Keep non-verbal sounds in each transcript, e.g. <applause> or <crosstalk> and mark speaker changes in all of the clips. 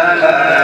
Speaker 1: la la la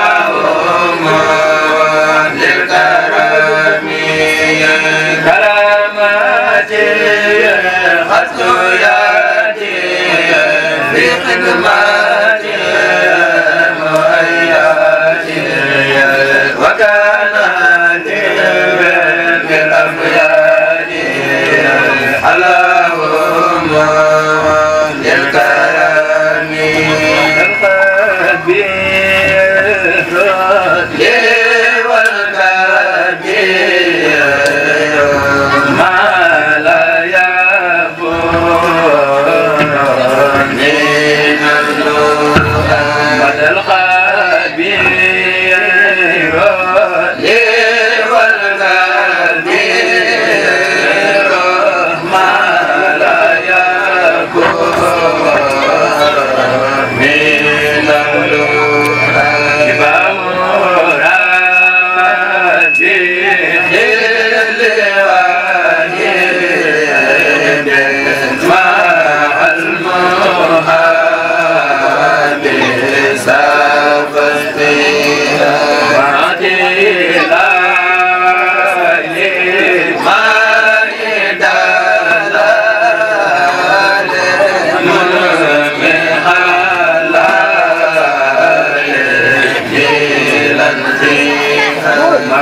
Speaker 1: بخدمات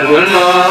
Speaker 1: Guru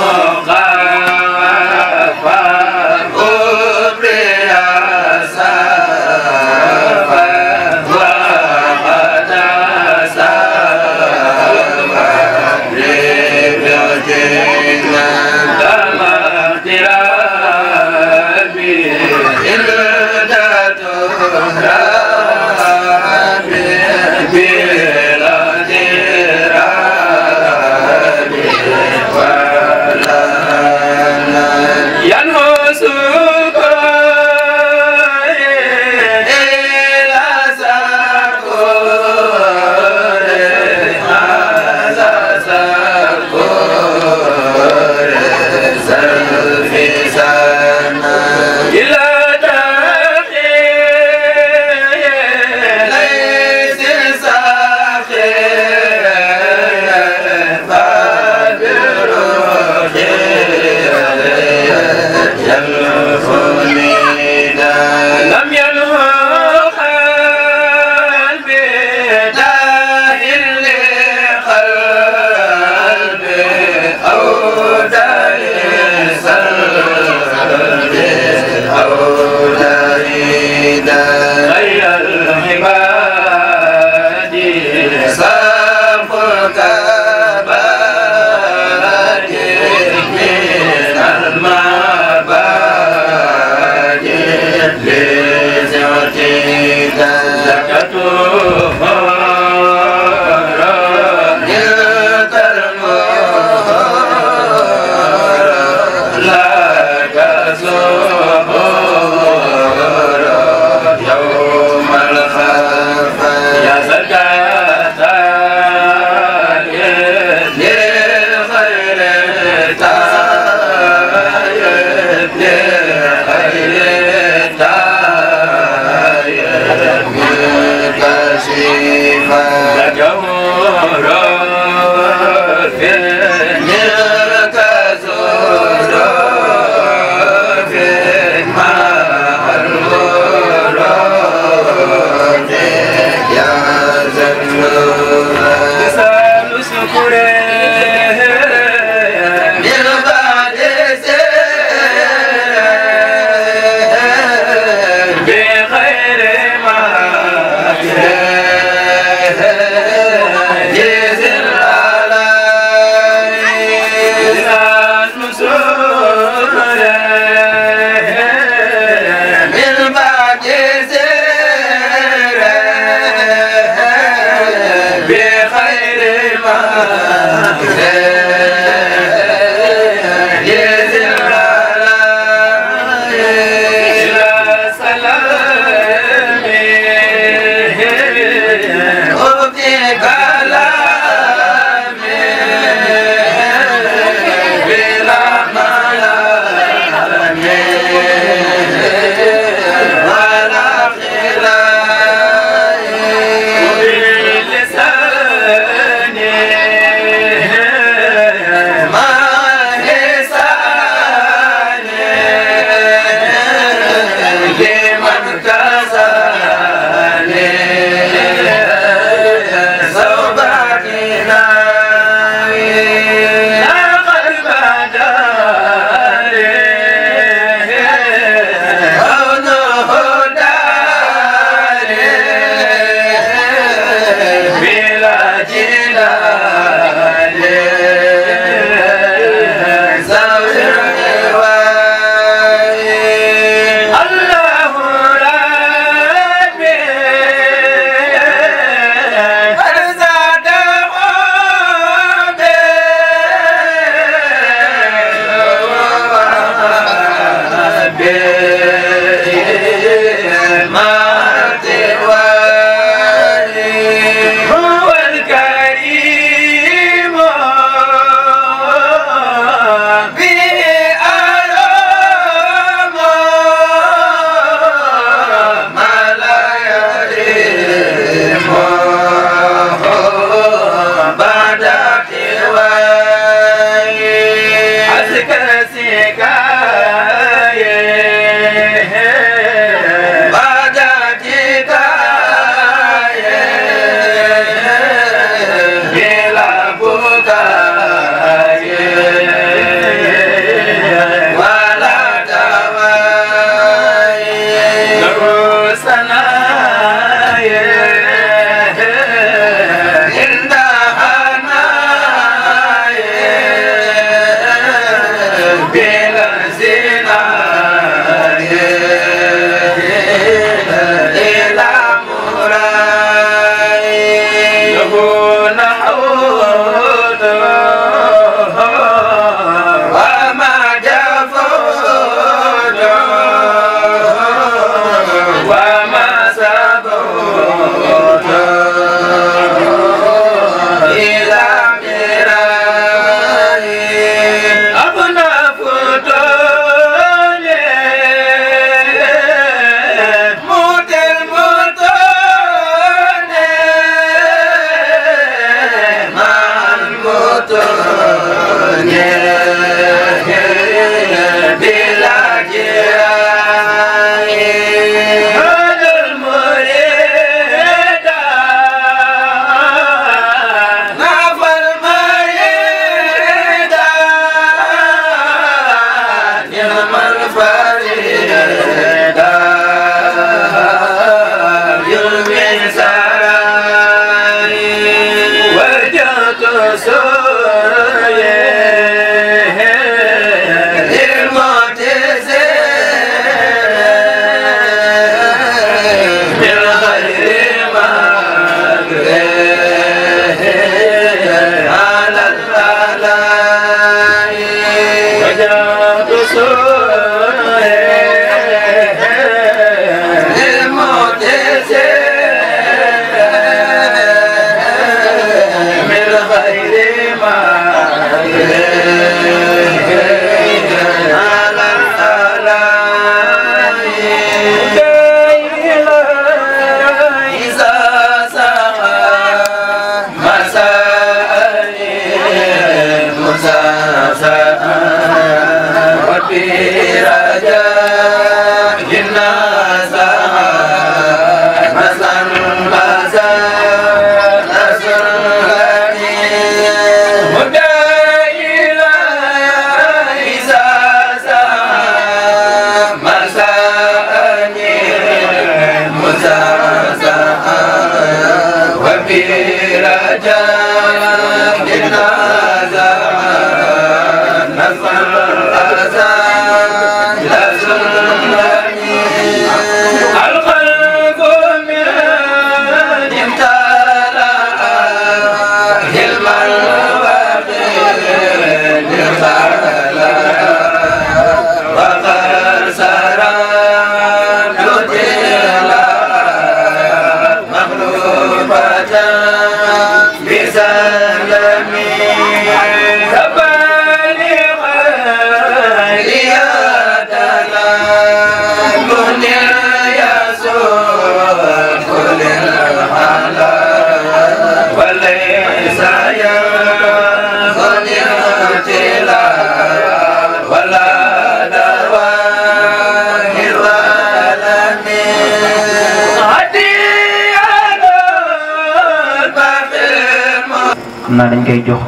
Speaker 2: naa dañ koy jox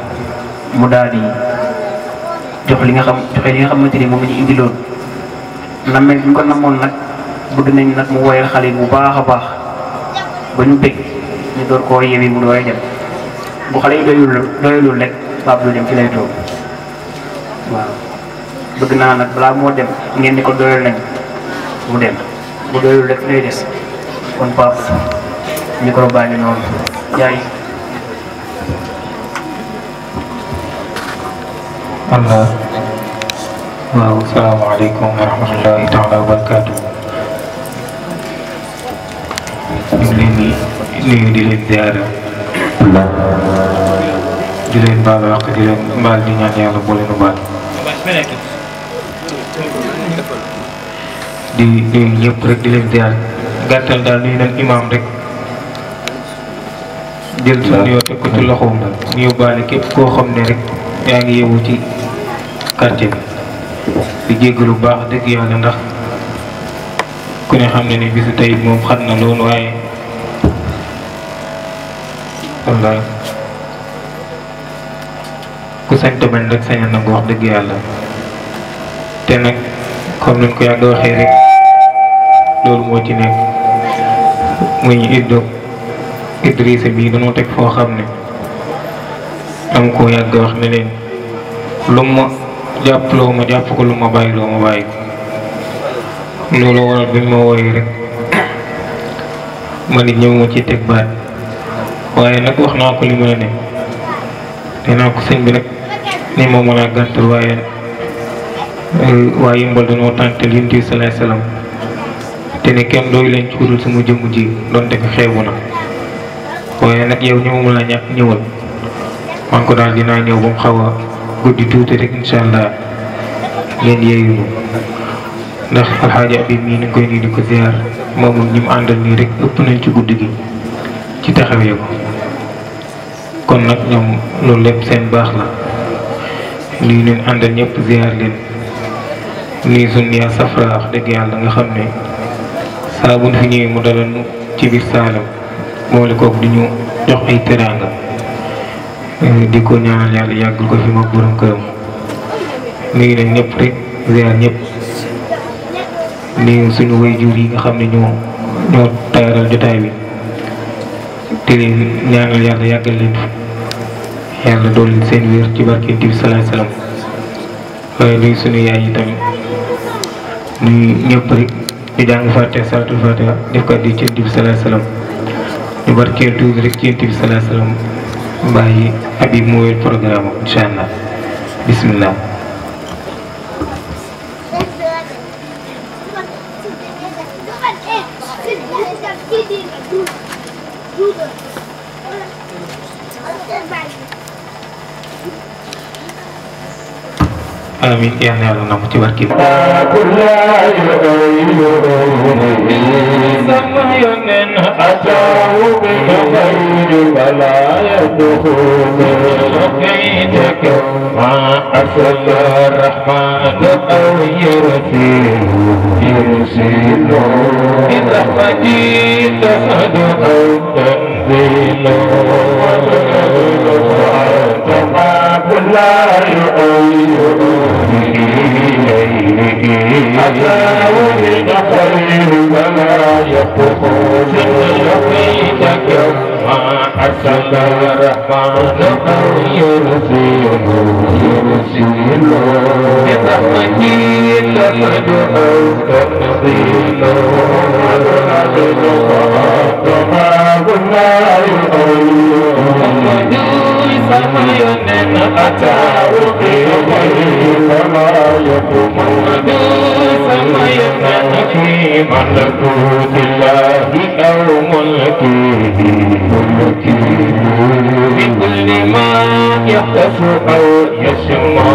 Speaker 2: mu daal di jox li nga xam joxe li nga xamante ni moom la ñu indiloon. nammee ñu ko namoon nag bëgg nañ nag mu woyal xale bu baax a baax ba ñu bég ñu door koo yewi mu door dem bu xale yi doyul doyulul rek baab lu dem ci lay toog bëgg naa nag balaa moo dem ngeen di ko doyal nañ mu dem bu doyul rek lay des kon pap micro baa noonu allah waaw salaamaaleykum wa rahmatullahi taala wa barakaatu di nuyu di leen rek di leen ziara gàttal daal nuyu nañ imaam rek jël suñu yoo teg ko ci loxoom la ñu yóbbaale képp koo xam ne rek yaa ngi yewu ci quartier bi di lu baax dëgg yàlla ndax ku ne xam ne ni bisu tey moom xam na loolu waaye wallaay ku sañ te bañ rek sañal na nga wax dëgg yàlla te nag comme ni ko yàgg waxee rek loolu moo ci nekk muy iddo Idrissa bii dañoo teg foo xam ne am koo yàgg wax ne leen lu ma jàpp loo ma jàpp ko lu ma bàyyi loo ma bàyyi ko loolu waral bi ma woy rek mani nit ñëw ma ci teg baat waaye nag wax ko li ma ne nee naa ko sëñ bi nag ni ma mën a gàntal waaye waaye yëmbal dañoo tànte li ñu salaay salaam te ne kenn dooy len ci kudul sama jëmm ji donte ko xeebu na waaye ya, nag yow ñëwuma la ñàkk ñëwal man ko daal dinaa ñëw ba mu guddi tuuti rek incha allah ngeen yeeyuñu ndax alxaaji abi mii ni koy nii di ko ziar moom ñi mu àndal nii rek ëpp nañ ci guddi gi ci taxawee ko kon nag ñoom loolu lépp seen baax la nuyu nu àndal ñëpp ziar leen nuyu suñu yaa safara dëgg yàlla nga xam ne saa buñ fi ñëwee mu dalal ñu ci biir saalam boole kooku di ñu jox ay teraanga. di ko ñaanal yàlla yàggul ko fi ma borom këram nuyu nañ ñëpp rek ziar ñëpp nuyu suñu waajur yi nga xam ne ñoo ñoo jotaay bi te ñaanal yàlla yàggal leen fi yàlla dool seen wér ci barkenti bi salaay salaam waaye nuyu suñu yaay tamit nuyu ñëpp rek ñu jàng fàtte salaatul fatiha def ko di ci yent bi salaay salaam ñu barkeel tuuti rek ci yent bi salaam bàyyi Habib mooy programme am incha allah bisimilah. demikian ya Allah Nama Jiwa kita
Speaker 1: Oh, my God. حتى ألقي إليه فما يكون فما يكون في ملكوت الله أو ملكه بكل ما يختص أو يسمى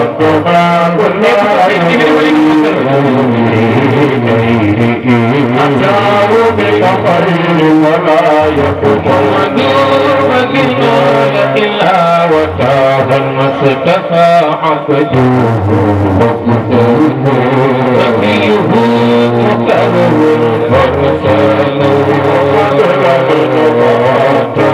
Speaker 1: أتاه بقطر ولا يقوم ودور كان إلا وكاه المصطفى عبده نبيه مكرم مرسل وكرم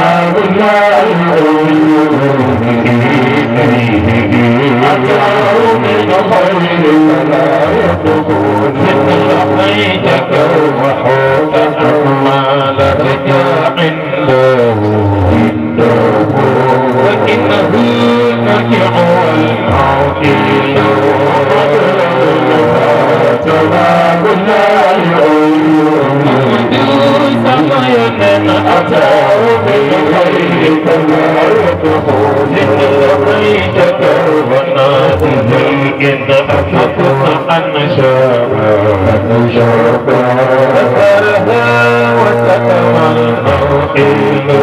Speaker 1: يا اويو جي جي اچارو مي نو بني سارا تو جي تا لقيتك ونادي إذا أحببت أن نشاء أثرها وتتمنى إلى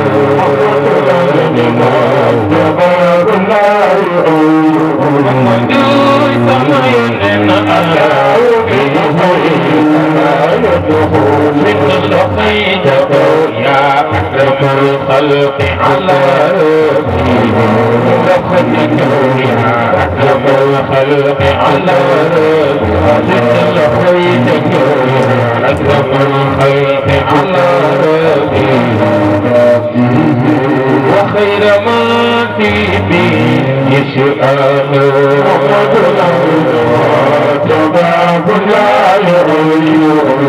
Speaker 1: الجبار لا يعود مجوس عين
Speaker 2: من الرحيم أشرف الخلق على ربهم كونها أشرف الخلق على ربهم كونها أشرف الخلق على ربهم وخير ما فيه يشأن ربنا
Speaker 1: تبع لا يغير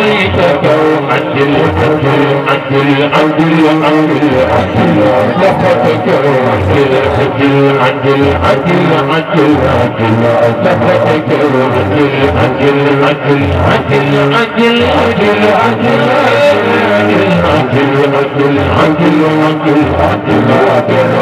Speaker 1: عليك كومة الأمر الأمر الأمر الأمر لقد كرمت الحج العدل عدل عدل عدل لقد كرمت الحج العدل عدل عدل عدل عدل عدل عدل عدل عدل عدل عدل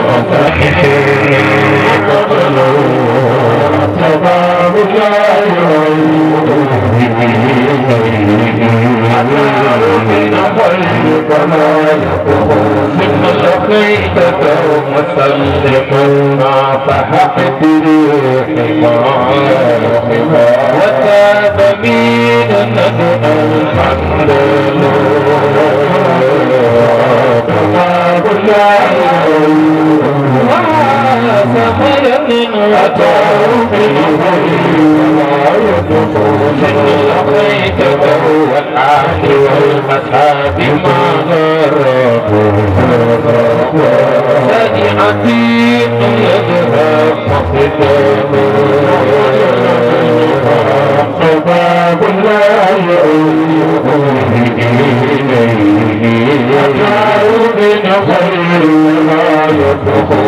Speaker 1: وما يقوم من لقيت قوم سلقونا فحقت روحما وتاب مينا الحمد لله فخلق أتاه بالهدي يدخل لقيت هو العهد والمسحاب
Speaker 3: ما غرقوا سجعتي
Speaker 1: يدها مقدام باب لا يؤذيه إليه أتاه بنصير ما يدخل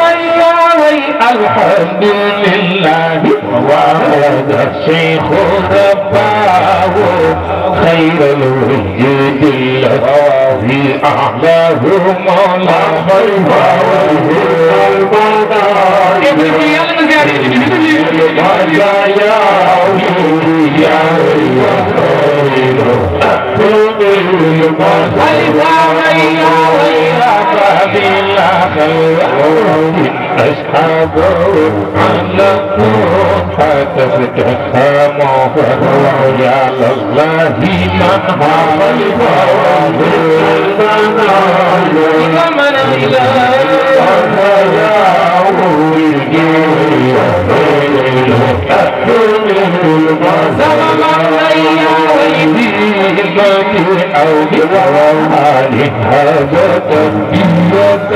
Speaker 1: الحمد لله وعاد الشيخ رباه خير الوجود الذي أعلاه مولى خيره Hey, أصحاب العقل أصحاب النور حتى تتساموا وعلى الله من حال الفوضى من إله الجميع بالرحمن هذا تنبيتنا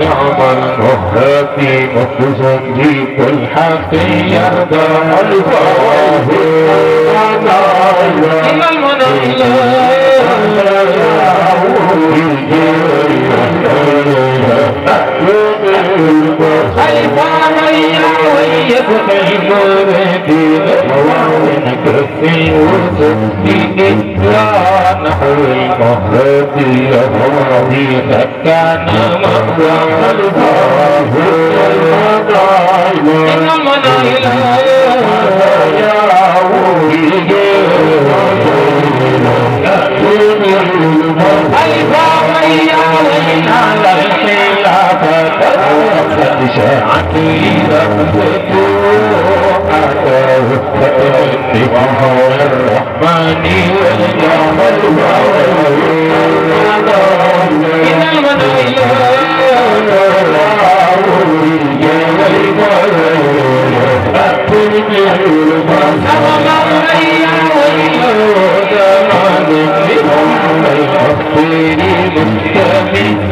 Speaker 1: نعم المهرة متصديق الحق يرضى الفواه
Speaker 2: من المنى
Speaker 1: إلى خلف علينا وهي في مواطنك السيوف في إسراء نحو القهر في أهوابي فكان مقوى الفرح إنما على الحين العفاف وأخذ شاعتي رفضت أعطاه فتح النكاح والرحمن والجمال إن المنى Thank you.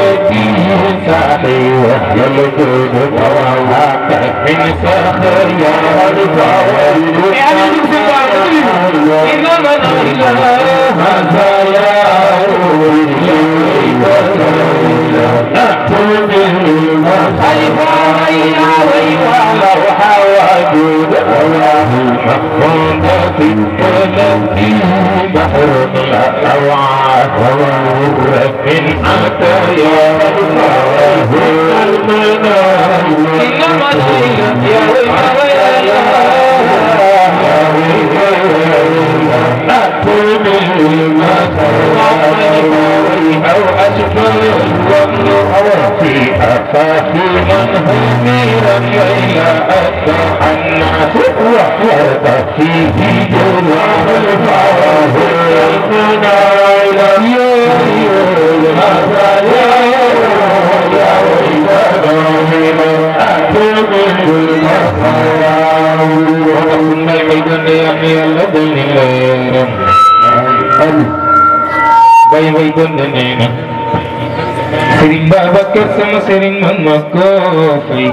Speaker 1: الثاني يلد الفواحك من فخر يا رضا إنما الإله هذا يا أولي لا تؤمن المخيب علينا ويوالى وجود الله
Speaker 2: الحق الباطل ونبيه بحر الأوعى رب العطايا الله المنان إنما يا
Speaker 1: ويلا يا ويلا أكون المثل ففيها هزيرا إلى أتبع الناس وحيد فيه جمع الفرح يقنا إلى هذا يا يا ويلنا
Speaker 2: من أتبع المسلم وحسن الميدان يحيى الذين بين بيدنا Sering Babacar sama sëriñ mama ma ko fay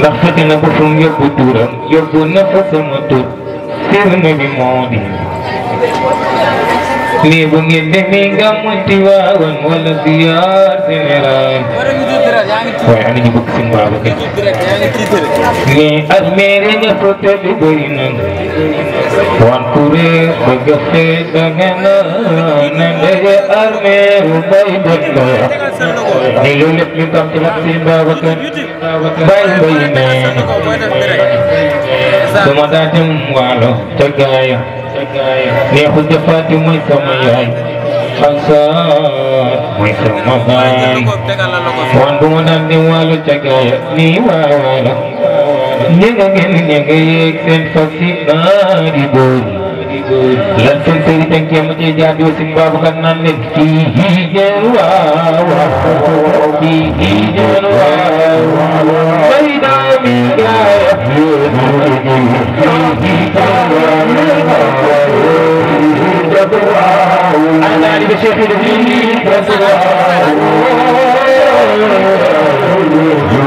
Speaker 2: ndax fekke na ko fu mu sama tur firnde bi moo di lii bu ngeen wala Wampuri bergesit dengan nendaya arme rubai benda Nilulit mintam tilak simba wakan Bail bayimen Tumadatim walo cagaya Ni aku jafati muy sama yai Pansat muy sama bayi Wan bungan ni walo cagaya ni wawala yéega ngeen ñeege yéeg seen fas yi naari boor lan seen sëri tënk yam ci jaar yoo sin baabu kan naan leen fii hijeen waaw waaw fii hijeen waaw bay daa mi
Speaker 1: gaaya fii hijeen waaw alaali ba cheikh yi da fii hijeen waaw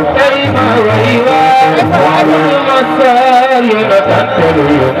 Speaker 1: Hallelujah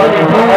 Speaker 1: Canada.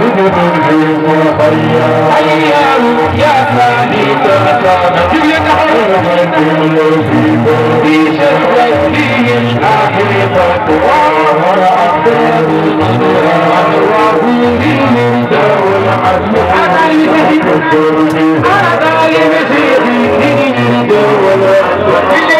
Speaker 1: مجد في صفيا حيا يا ثاني تركان جبلة حيا كل فيك في شهوته الحقيقة وعمر عباد الأنوار أنواره من دار العدل أنا المسيح أنا المسيح دار العدل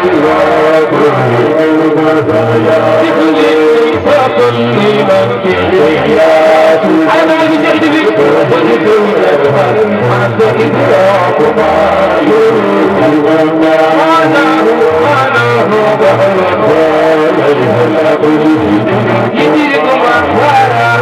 Speaker 1: Give me the command.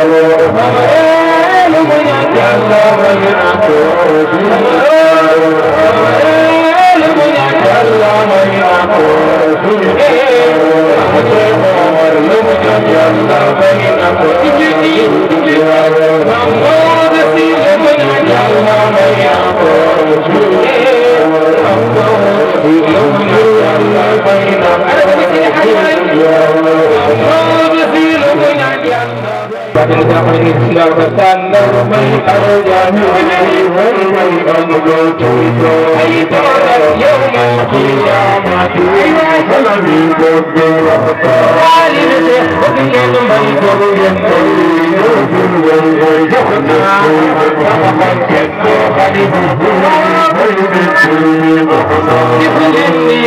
Speaker 1: Thank you.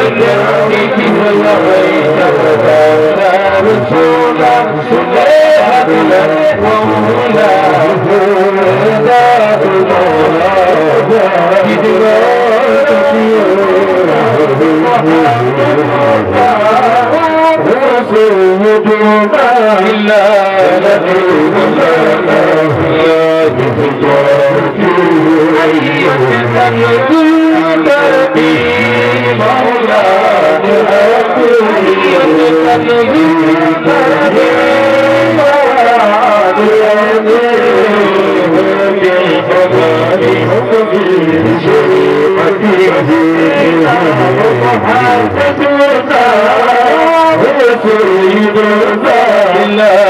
Speaker 1: بعونك ولغيت فتاة رسولا سليها بلا وهنا ذات المولى بدراءتك رسول دون الله الذي لا جي جي جي ايو نبي ته باغا جي جي جي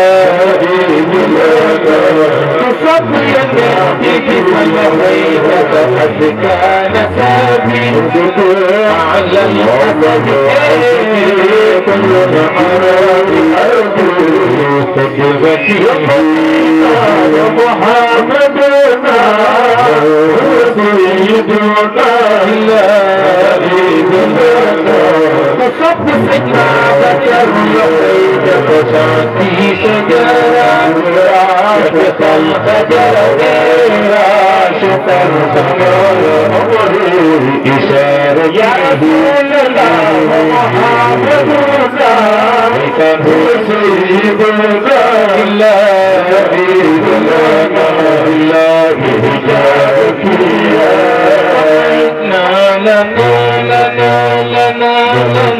Speaker 1: جي جي جي بك والويه فقد كان سابي على الحسد كل نهار تجربتي يا محمدنا سيدنا لا No, no, no, no, no, no, no.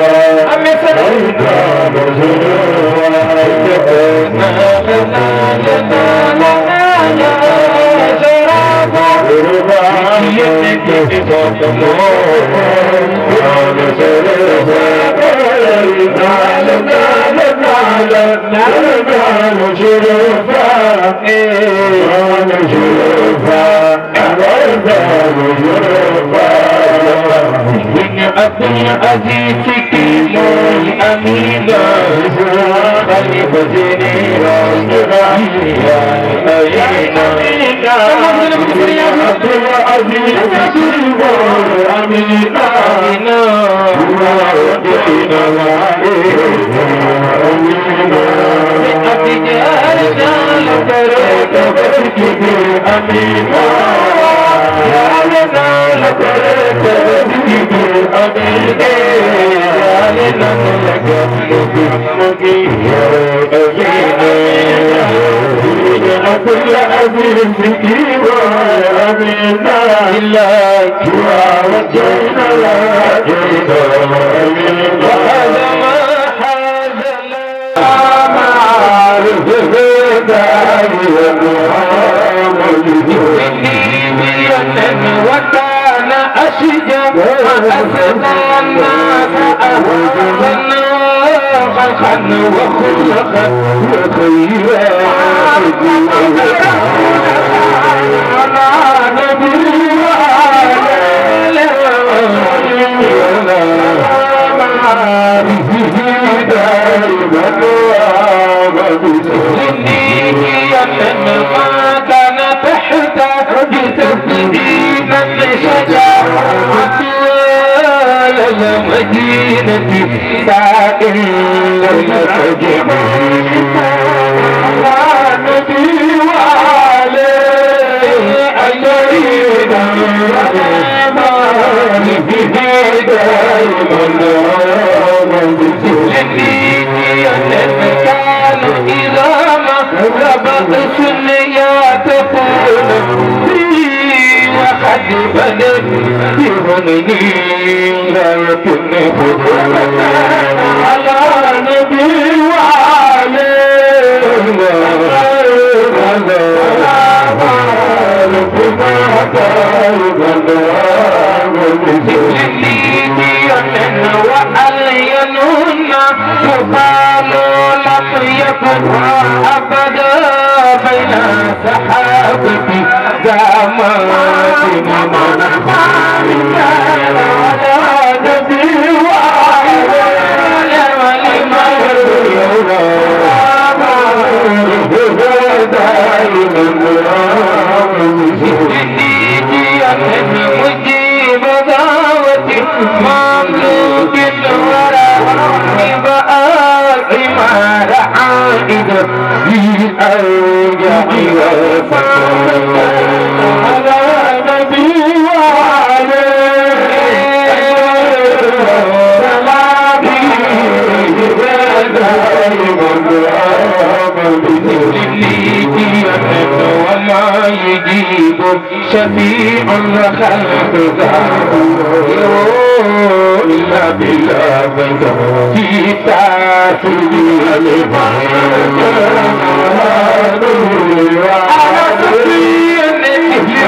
Speaker 1: Shurfa, عزيزك الأمينة خليفتني يا أمينة عبد العزيز الأمينة أمينة أمينة أمينة كل أبيب كيوا أبينا إلا كوا وجينا لا جينا وهذا ما حاز لا معارف في داري ومعامل أنني وكان أشجع وأسمع الناس أهوى خلقا وخلقا وخيرا على نبي Thank you. كفينا الشجر على مدينة سائل لما تجمع نبي وعليه أجرينا ما نبي دائما ننند تنھنھو जाम मु Bye. شفيع الخلق ذاك إلا بالله في تعسل الفرق أنا سبيل ہو ہو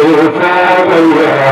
Speaker 1: وفا ويها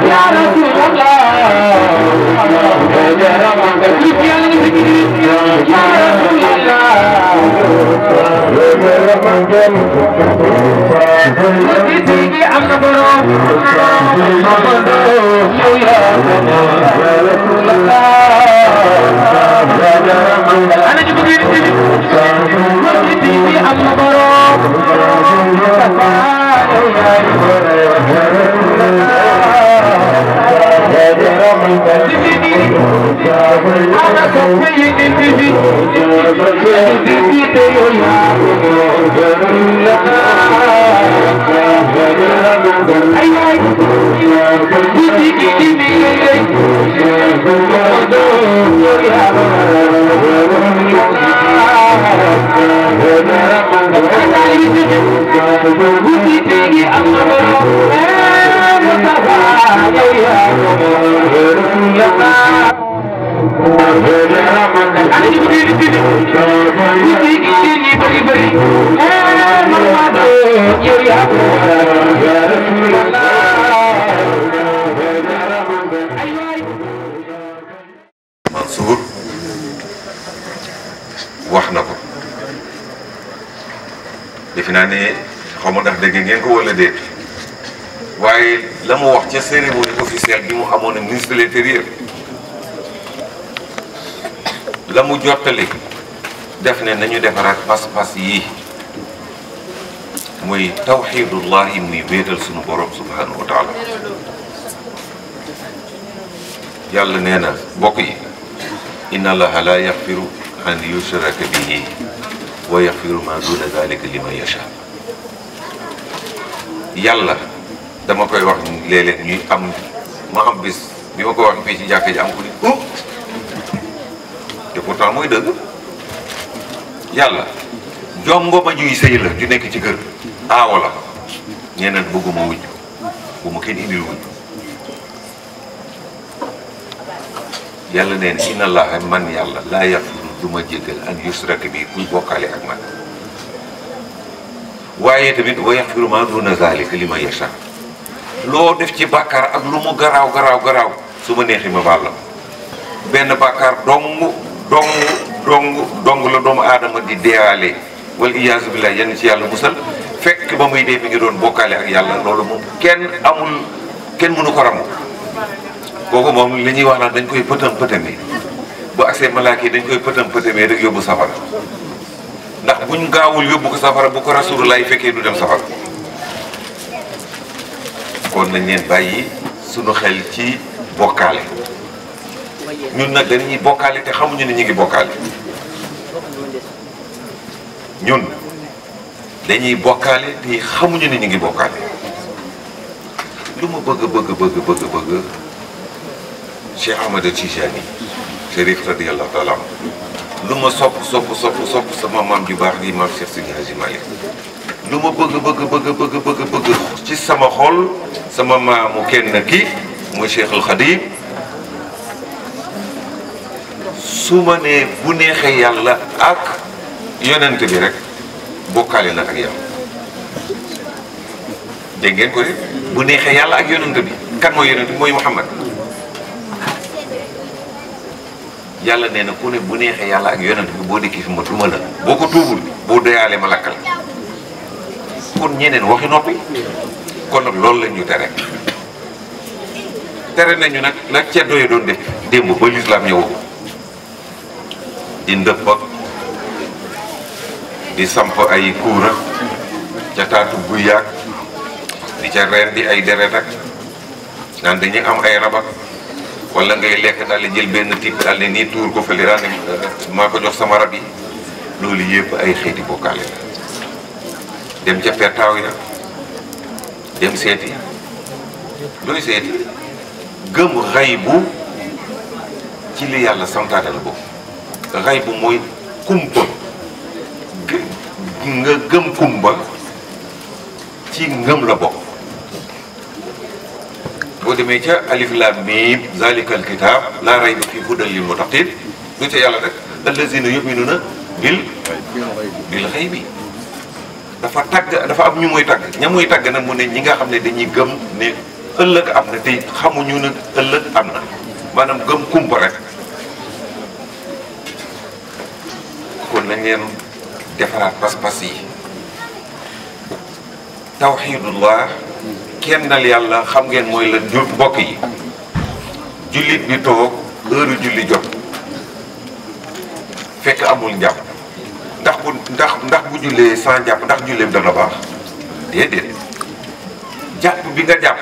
Speaker 1: Yeah. I'm I'm ana ñu bëggee di bind nit yi indien yi bëri bëri man maa doon
Speaker 3: yow yaa ko Mansour wax na ko defe naa ne xaw ma ndax dégg ngeen ko wala déet waaye la mu wax ca cérémonie officielle bi mu amoon na ministre de l'intérieur la mu jottali def ne nañu defaraat pas-pas yi muy tawxidullahi muy wéetal sunu borom subhanahu wa taala Yalla nee na bokk yi inna allaha la yaxfiru an yushraka bihi wa yaxfiru ma duna dalika liman yasha Yalla, dama koy wax léeg-léeg ñuy am ma am bis bi ma ko wax fii ci jàkka ji am ku ni te pourtant mooy dëgg yàlla jongoma juy sëy la ju nekk ci kër aawo la ñeneen bëgguma wuñ bu ma kenn indil wuñ yàlla nee na inna man yàlla laa yaxfiru du ma ak an yusraka bi kuy bokkaale ak man waaye tamit wa yaxfiru maa duna zalika li ma yasha loo def ci bàkkaar ak lu mu garaaw garaaw garaaw su ma neexi ma baal la benn bàkkaar dong dong dong dong la doomu aadama di deewaale wala iyaasu billaah yenn ci yàlla musal fekk ba muy dee mi ngi doon bokkaale ak yàlla loolu moom kenn amul kenn mënu ko ram ramu kooku moom li ñuy wax naan dañ koy pëtam pëtamee bu agsee malaaka yi dañ koy pëtam pëtamee rek yóbbu safara ndax buñ gaawul yóbbu ko safara bu ko laay fekkee du dem safara kon nañ leen bàyyi sunu xel ci bokkaale ñun nag dañuy bokkaale te xamuñu ne ñu ngi bokkaale ñun xamuñu ne ñu ngi bokkaale lu ma bëgg bëgg bëgg bëgg bëgg Cheikh Ahmada Tijani Chérif radiyallahu taala lu ma sopp sopp sopp sama maam ju baax di maam Cheikh Sidi Hadji Malick lu ma bëgg bëgg bëgg bëgg ci sama xol sama maamu kenn kii mooy Cheikhul Khadim su ma nee bu neexee yàlla ak yonent bi rek bokkaale na ak yàlla dégg ngeen ko de bu neexee yàlla ak yonent bi kan mooy yonent mooy Muhammad yàlla nee na ku ne bu neexee yàlla ak yonent bi boo dikki fi ma duma la boo ko tuubul boo doyaalee ma lakkal kon ñeneen waxi noppi kon nag loolu la ñu tere tere nañu nag la ceddo yi doon def démb ba lislaam ñëwoo di ndëpp di samp ay kuura ca taatu guy yaag di ca reen di ay deret ak naan dañuy am ay rabak wala ngay lekk daal di jël benn type daal di nii tuur ko fële daal maa ko jox sama rab yi loolu yëpp ay xeeti bokkaale la dem ca pertaaw ya dem seeti looy seeti gëm xay bu ci li yàlla santaane boobu raybu mooy kumpa nga gëm kumba ci ngëm la bokk boo demee ca alif laam miim zalikal kitaab laa rayba fii hudan lil muttaqin du ca yàlla rek allazina yuminuna bil bil xëy bi dafa tàgg dafa am ñu muy tàgg ña muy tàgg nag mu ne ñi nga xam ne dañuy gëm ne ëllëg am na te xamuñu ne ëllëg am na maanaam gëm kumpa rek na ngeen defaraat pas-pas yi tawxidullah kennal yàlla xam ngeen mooy lan jur mbokk yi jullit bi toog heure julli jot fekk amul njàpp ndax bu ndax ndax bu jullee sans njàpp ndax julleem dana baax déedéet jàpp bi nga jàpp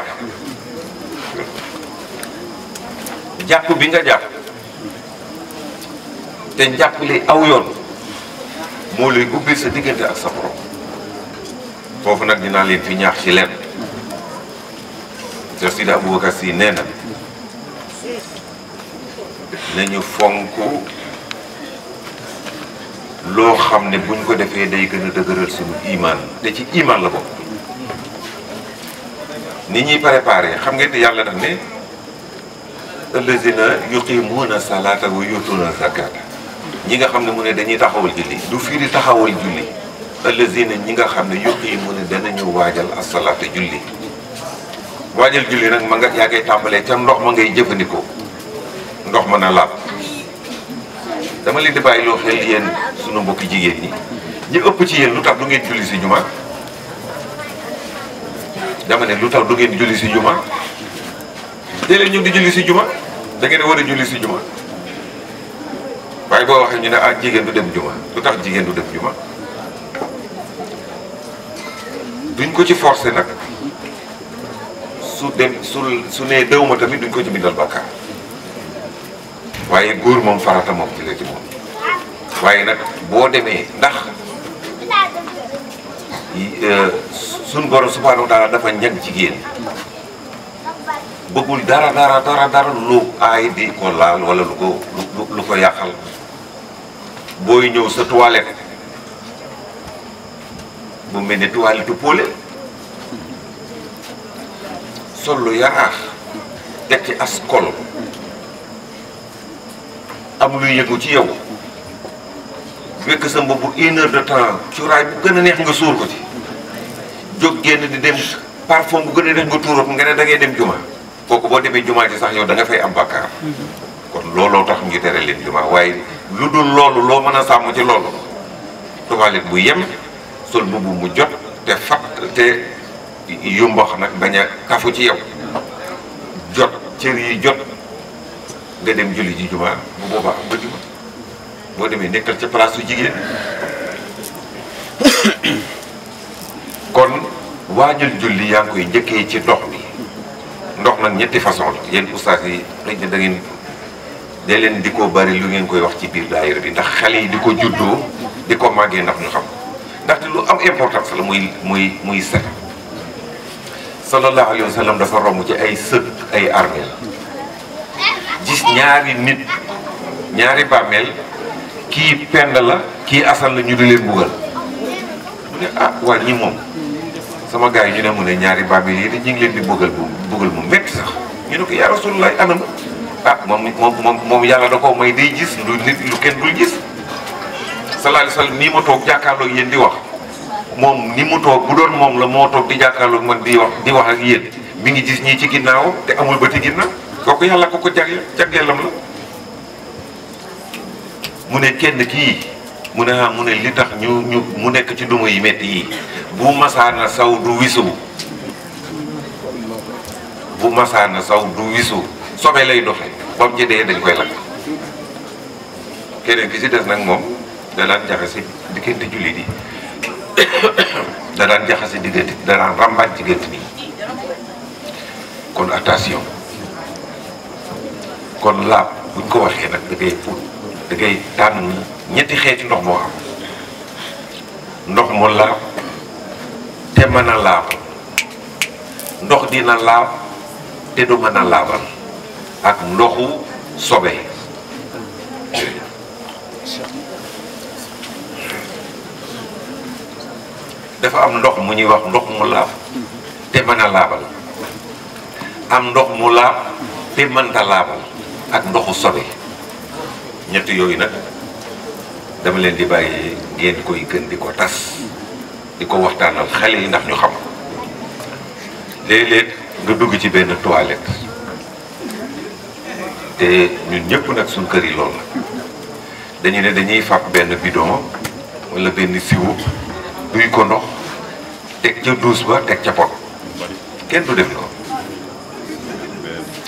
Speaker 3: jàpp bi nga jàpp te njàpp li aw yoon moo lay ubbil sa diggante ak sa borom foofu nag dinaa leen fi ñaax ci lenn Cheikh Sidi Aboubacar Sy nee na nañu fonk loo xam ne buñ ko defee day gën a dëgëral suñu imaan te ci imaan la bokk ni ñuy préparé xam nga ne yàlla daf ne allazina yuqimuuna salaata wa yutuuna zakata ñi nga xam ne mu ne dañuy taxawal julli du firi taxawal julli allazina ñi nga xam ne yuqiimuna danañu waajal asalaata julli waajal julli nag ma nga yaa ngay tàmbalee ca ndox ma ngay jëfandikoo ndox mën a laab dama leen di bàyyi loo xel yéen sunu mbokki jigéen ñi ñi ëpp ci yéen lu tax du ngeen julli si juma dama ne lu tax du ngeen julli si juma di julli si juma da ngeen war a julli si juma waaye boo waxee ñu ne ah jigéen du dem juma lu tax jigéen du dem juma duñ ko ci forcer nag su dem su su nee dewuma tamit duñ ko ci bindal bàkkaar waaye góor moom farata moom ci la ci moom waaye nag boo demee ndax e, suñ borom subhanahu wa taala dafa ñag jigéen bëggul dara dara dara dara lu aay di ko laal wala lu ko lu ko yàqal booy ñëw sa toilette bu mel ne toilette pôle sol lu yaraax teg ci as kol am luy yëgu ci yow wekk sa mbopp une heure de temps cuuraay bu gën a neex nga suur ko ci jóg génn di dem parfum bu gën a neex nga tuuroot nga ne da ngay dem juma kooku boo demee jumaa ci sax yow da nga fay am bàkkaar mm-hmm. kon looloo tax ñu tere leen juma waaye lu dul loolu loo mën a sàmm ci loolu toilette bu yem sol mbubb mu jot te fat te yumbox nag bañ a kafu ci yow jot cër yi jot nga dem julli ji jumaa bu boobaa ba juma boo demee nekkal ca place su jigéen kon waajal julli yaa ngi koy njëkkee ci ndox bi ndox nag ñetti façon la yéen yi xëy na da ngeen de leen di ko bari lu ngeen koy wax ci biir daayira bi ndax xale yi di ko juddoo di ko màggee ndax ñu xam ndaxte lu am importance la muy muy muy set sallallahu alayhi wa sallam dafa romb ci ay sët ay armeel gis ñaari nit ñaari bàmmeel kii pend la kii asan la ñu di leen buggal mu ne ah waa ñi moom sama gars yi ñu ne mu ne ñaari bàmmeel yi de ngi leen di buggal bu buggal mu métti sax ñu ne ko yaa rasulullah anam ah moom moom moom yàlla da koo may day gis lu nit lu kenn dul gis sallallahu alayhi wa sallam ma toog jàkkaarloog yéen di wax moom ni mu toog bu doon moom la moo toog di jàkkaarloog man di wax di wax ak yéen mi ngi gis ñii ci ginnaaw te amul bëti ginnaaw kooku yàlla ko ko jagle jagleelam la mu ne kenn kii mu ne ah mu ne li tax ñu ñu mu nekk ci duma yi metti yi bu masaana saw du wisu bu masaana saw du wisu sobe lay doxe ba mu jëndee dañ koy lakk keneen ki ci des nag moom da daan jaxase diggante jullit yi
Speaker 1: <coughs>
Speaker 3: da daan jaxase diggante da daan ràmbaaj diggante bi kon attention kon laab buñ ko waxee nag da ngay ut da ngay tànn ñetti xeeti ndox moo am ndox mu laab te mën a laab ndox dina laab te du mën a laabal ak ndoxu sobe dafa am ndox mu ñuy wax ndox mu laab te mën a laabal am ndox mu laab te mënta laabal ak ndoxu sobe ñett yooyu nag dama leen di bàyyi ngeen koy gën di ko tas di ko waxtaanal xale yi ndax ñu xam léeg-léeg nga dugg ci benn toilette te ñun ñëpp nag suñ kër yi lool la dañu ne dañuy fàpp benn bidon walla benn siwu duy ko ndox teg ca duus ba teg ca pot kenn du def loolu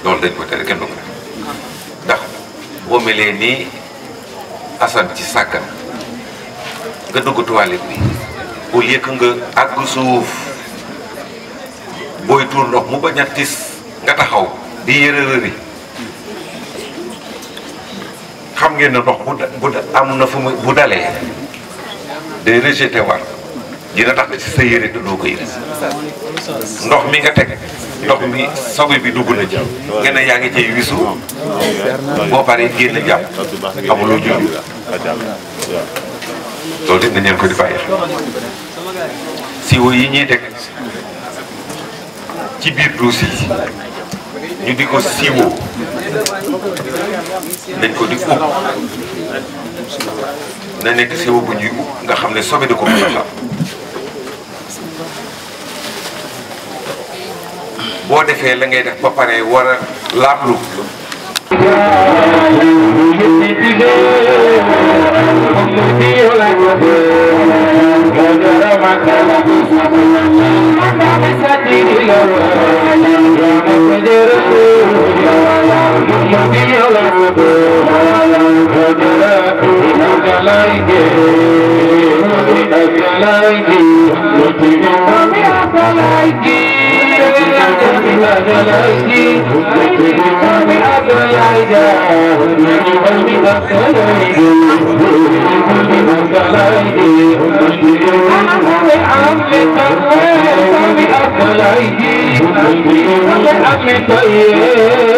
Speaker 3: loolu dañ ko tere kenn du ko def ndax boo melee nii asan ci sàkkan nga dugg toilette bi au lieu nga àgg suuf booy tuur ndox mu bañ a tis nga taxaw di yërërëri xam ngeen ne ndox bu bu am na fu mu bu dalee day rejeté war dina tax ci sa yére te doo ko yëg ndox mi nga teg ndox mi sobe bi dugg na ci nga ne yaa ngi cay wisu boo paree génn jàpp amuloo julli loolu it nañu ko di bàyyi siwo yi ñuy teg ci biir duus yi ñu di ko siwo nañ ko di ub na nekk siwo bu ñuy ub nga xam ne sobe ko mën a xam boo defee la ngay def ba pare war a laablu
Speaker 1: Thank you. I'm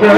Speaker 1: Oh,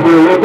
Speaker 1: Move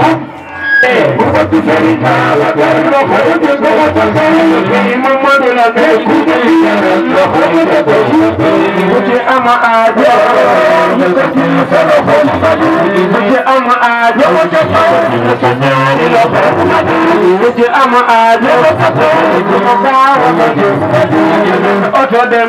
Speaker 1: Come Muhammadu sani kala kala na kala ke kala kala ni Muhammadu na ke ku ke ya na kala ke ko ku ke ama aja ni ko ti sa na ko ni ku ke ama aja ko ke pa ni ko ni la ko ni ku ke ama aja ko ko ni ko ka ni ko to dem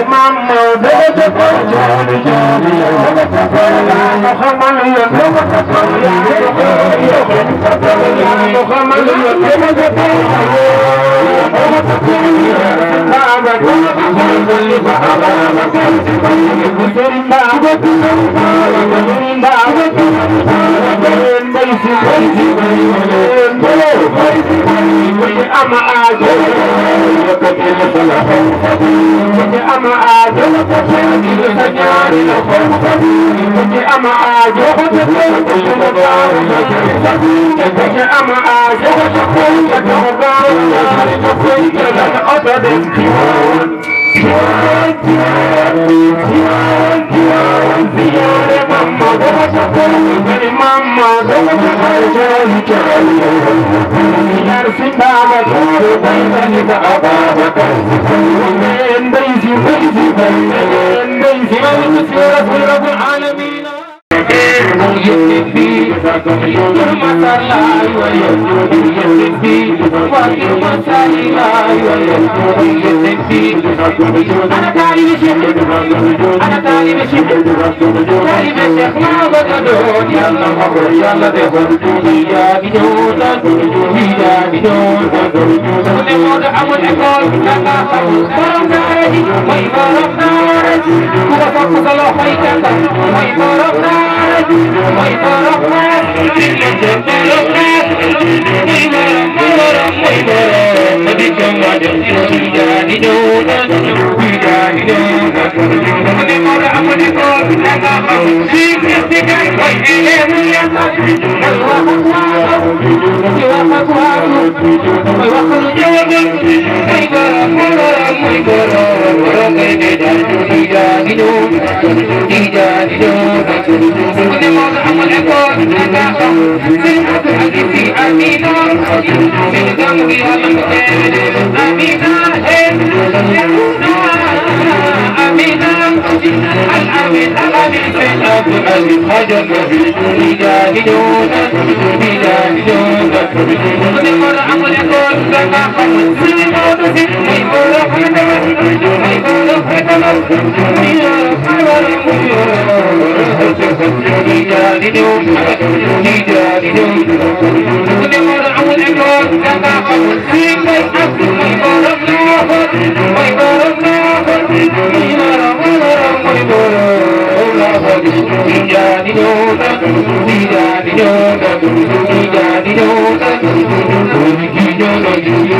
Speaker 1: Imam Maodo jëfoo jaani jaani yow la jëfoo yaa nu xamal yoon yow la jëfoo yaa nu jëfoo yow la jëfoo yaa nu xamal yoon yow la jëfoo yow la jëfoo yaa baaba ko li ba abaama kan ci bayi bu jëri baa ba bu jëri baa ba bu jëri baa ba bu jëri baa ba bayi si bayi si bayi wala bayi bayi si bayi wala ama aajo wala ko kele bala ko ama amaado kanyari kuje amaado kuje kuje amaado kuje kuje amaado kuje Yarsin da ba ta bai da ababa kan Matar la أنا تعليم الشيخ أنا تعليم الشيخ تعليم الشيخ ما بدون يلا مبر يلا بدون يا بدون بدون يا بدون كل مرة أقول أقول لنا برم داري وي برم داري كل فوق صلاة وي كذا وي برم داري وي برم داري وي برم داري mooy borom mooy borom. Amina, Amina, Amina, Amina, من الأب الألم الأب الألم حجر يجاهدون يجاهدون يقول أقول يقول لما قلت يقول في يقول أحمد يقول أحمد يجاهدون يجاهدون يقول أقول يقول لما قلت يقول أحمد يقول أحمد Thank you.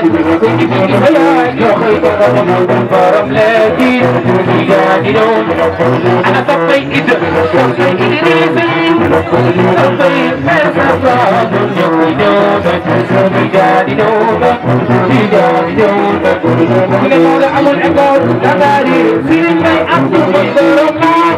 Speaker 1: انا صفي ايد صفي انجليزي صفي فرنسا رجالي نوبة رجالي نوبة من المولى ابو العباس لا بالي سيري مي عبد المنصور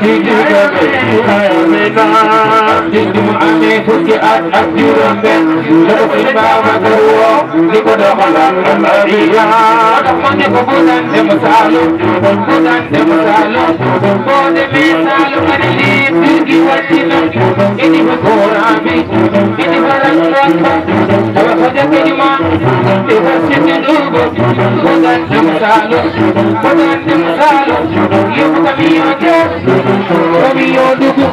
Speaker 1: hijira Amina jënd mu amee fukki at ak juróom benn la ko sëñ Babacar woo di ko doxalal Amina tax ma ne ko boo daan dem Saalum boo daan dem Saalum boo demee Saalum ma ne lii biir gi wàcc na indi fa courant bi indi fa restaurant وتكلما لتسجد الغد غدا تمثال غدا تمثال يبتغي مكان وبيودك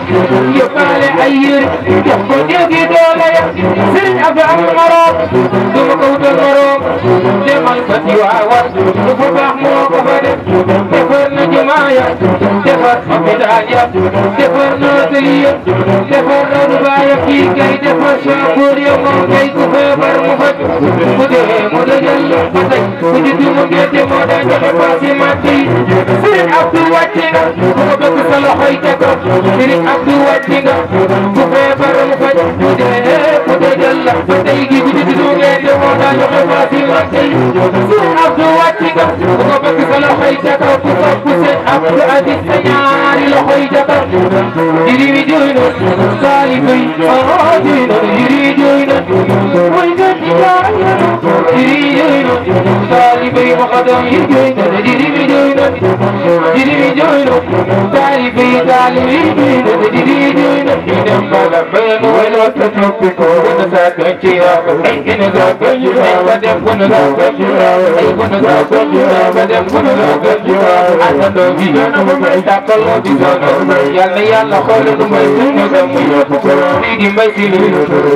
Speaker 1: يقال عير يخرج في دولة سرد أبعاد المرام ثم قوت المرام لمن فتيوى وصف فهم وقفل defar na jumaa ya defar hôpital ya defar na hôtel ya defar na Dubaay ya kii kay defar Saakoor ya moom kay ku feebar mu faj mu dee mu dajal ba tey ku juddu mu gerte moo daa joxe paase màgg yi Sëriñ Abdu wàcce nga ku ko bëgg sa loxo yi teg ko Sëriñ Abdu wàcce nga ku feebar mu faj mu dee mu dajal ba tey gi ku juddu mu gerte moo daa joxe paase màgg yi Sëriñ Abdu wàcce nga ku ko bëgg sa loxo yi teg ko poussé ak lu addis sa ñaari loxo yi jabar jiribi jooy na saalifa yi xaroo jooy na jiri jooy na mooy gën ci jaay na jiri jooy na saalifa yi maxadam yi jooy na jiribi jooy na jiribi jooy yàlla
Speaker 2: yàlla xoolal lu may suñu gàmmu lii di mbay si lii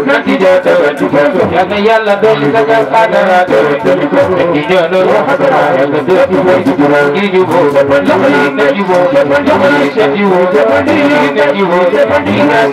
Speaker 2: na si jaata yàlla yàlla dolli sa gas aadara di jëloon yàlla dëkk gi jubóo loxo yi na jubóo
Speaker 1: loxo yi set jubóo lii na jubóo lii na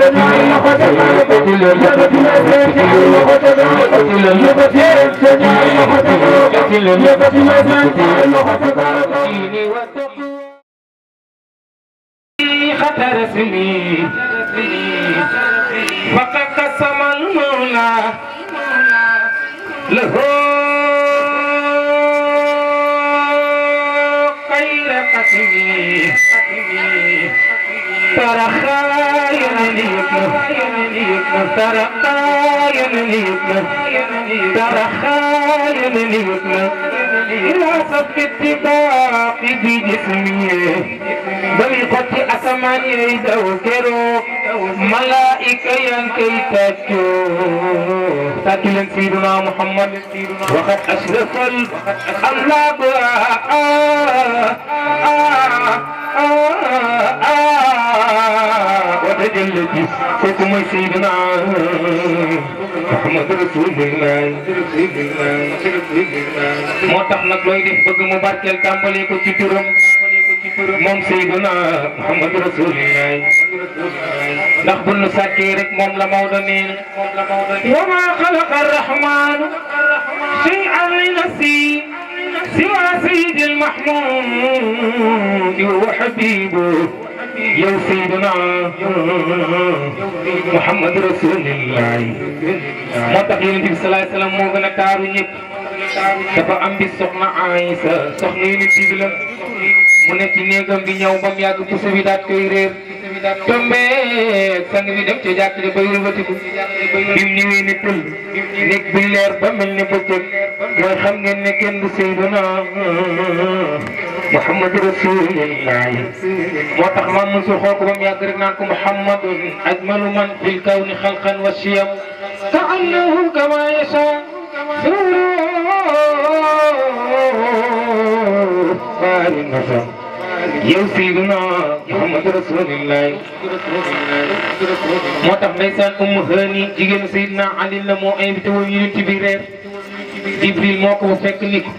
Speaker 1: خطر
Speaker 2: سني فقد قسم المولى له خير قسمي
Speaker 1: ترخى
Speaker 2: يمنيتنا ترخى يمنيتنا ترخى يمنيتنا العصب في جسمي بريقة أسمان يدوكرو ملائكة ينكي تاتو تاكل سيدنا محمد وقد أشرف الأملاك آه آه آه آه آه دجل جس فكم سيدنا محمد رسول الله moo tax nag looy def bëgg mu barkeel tàmbalee ko ci turam moom Seydina Muhammad Rasulullah ndax bu nu sàkkee rek moom la Maodo neen wa ma xalaqa arrahmanu shay'an li nafsi siwa sayyidil mahmud wa habibu yow Seydina Muhammad Rasulillah moo tax yonent bi salaay salaam moo gën a taaru ñëpp dafa am bi soxna mu ne ci néegam bi ñëw ba mu yàgg puso bi daal koy tombe sang bi dem ci jàkk ji ba yëngatiku bim ni wii ni tël nekk bi leer ba mel ni bëccëg mooy xam ngeen ne kenn du Seydina Muhammad rasulullah moo tax man mosul xool ko ba mu yàgg rek naan ko Muhammadun ajmalu man fil kawni xalqan wa siyam ka annahu kama yasha suru yow Seydina Muhammad Rasulillah moo tax ndeysaan Umu Hani jigéenu Seydina Ali la moo invité woon ñu ci Jibril moo ko fekk ni ko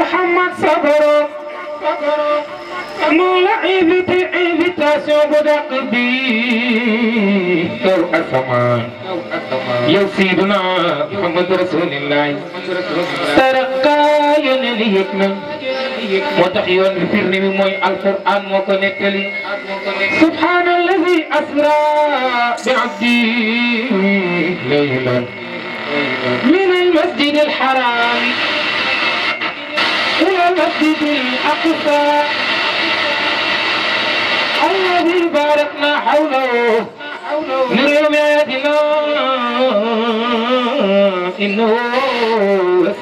Speaker 2: Muhammad Sabaro moo la invité invitation bu dàq bi kaw asamaan yow Seydina Muhammad Rasulillah tara kaa yónne li yëg سبحان الذي أسرى بعبده من المسجد الحرام إلى المسجد الأقصى الذي باركنا حوله من رمادنا إنه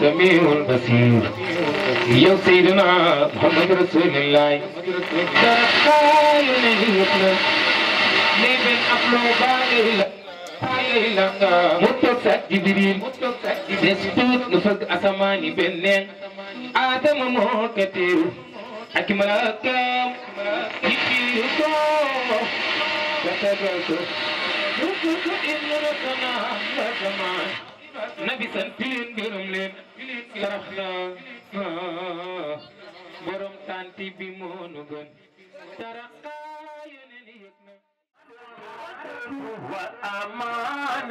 Speaker 2: سميع بصير yow Seydina Muhammad Rasulullah mu toog sa Jibril des tuut nu fëgg asamaan yi benneen Adama moo ko teeru ak malaakaam yi fiiru ko
Speaker 3: katagato
Speaker 2: rukutu inna rabbana rabbana nabi santiin mbirum leen sarax naa Borom Santi Bimonogan.
Speaker 1: What a man,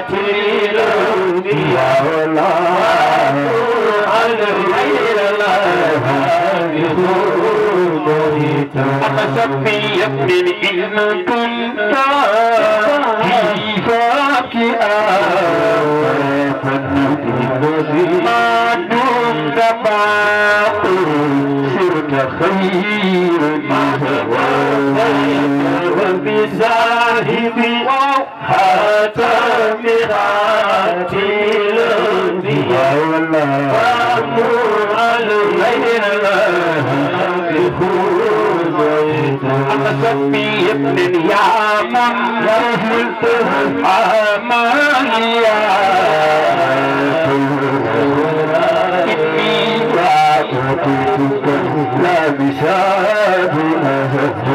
Speaker 1: يا ابن إن كنت في فاكئة ما دمت باقر سرت خير وبزاهد حتى مراتي पीयाम मीता भलो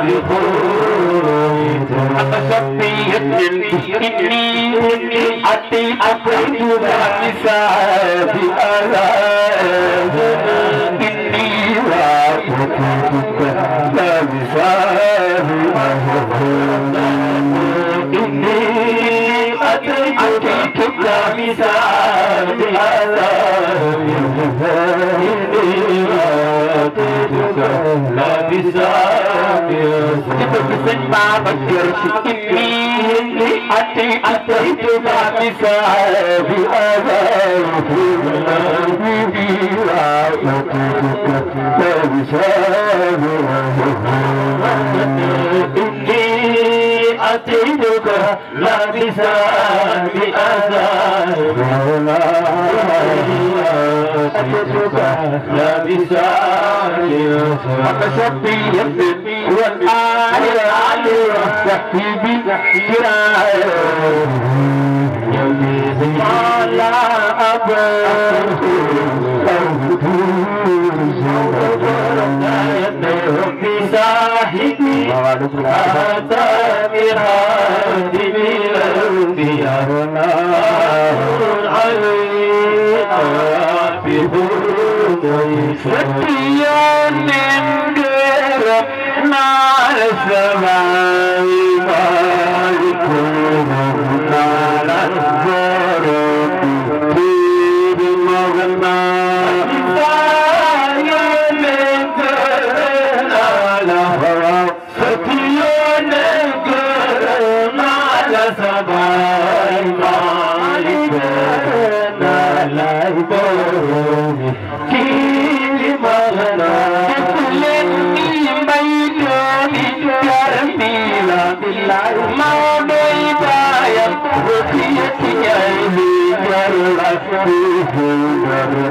Speaker 1: अ بقضية إني أتي أقيد النساء بآلاء إني وأقيدك لا نساء إني أتيتك النساء بآلاء إني أتيتك لا نساء سن بابا يرشي إني أتي أتيت بابسا بأبارك الله برعايتك فبشار إني أتيتك لابسا بأزار أتيتك لابسا بأزار أكشف بيد والآل علي وحبيبي كراي يومي على أبر صاحبي هذا مرادي بالأنبياء نار علي في هدى فتيان Rahman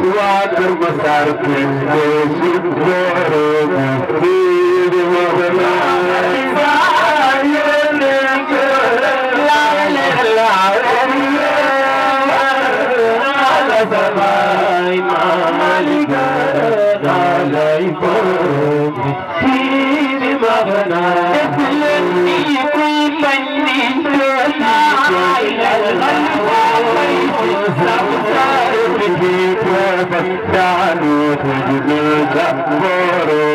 Speaker 1: What the Massachusetts is Thank you.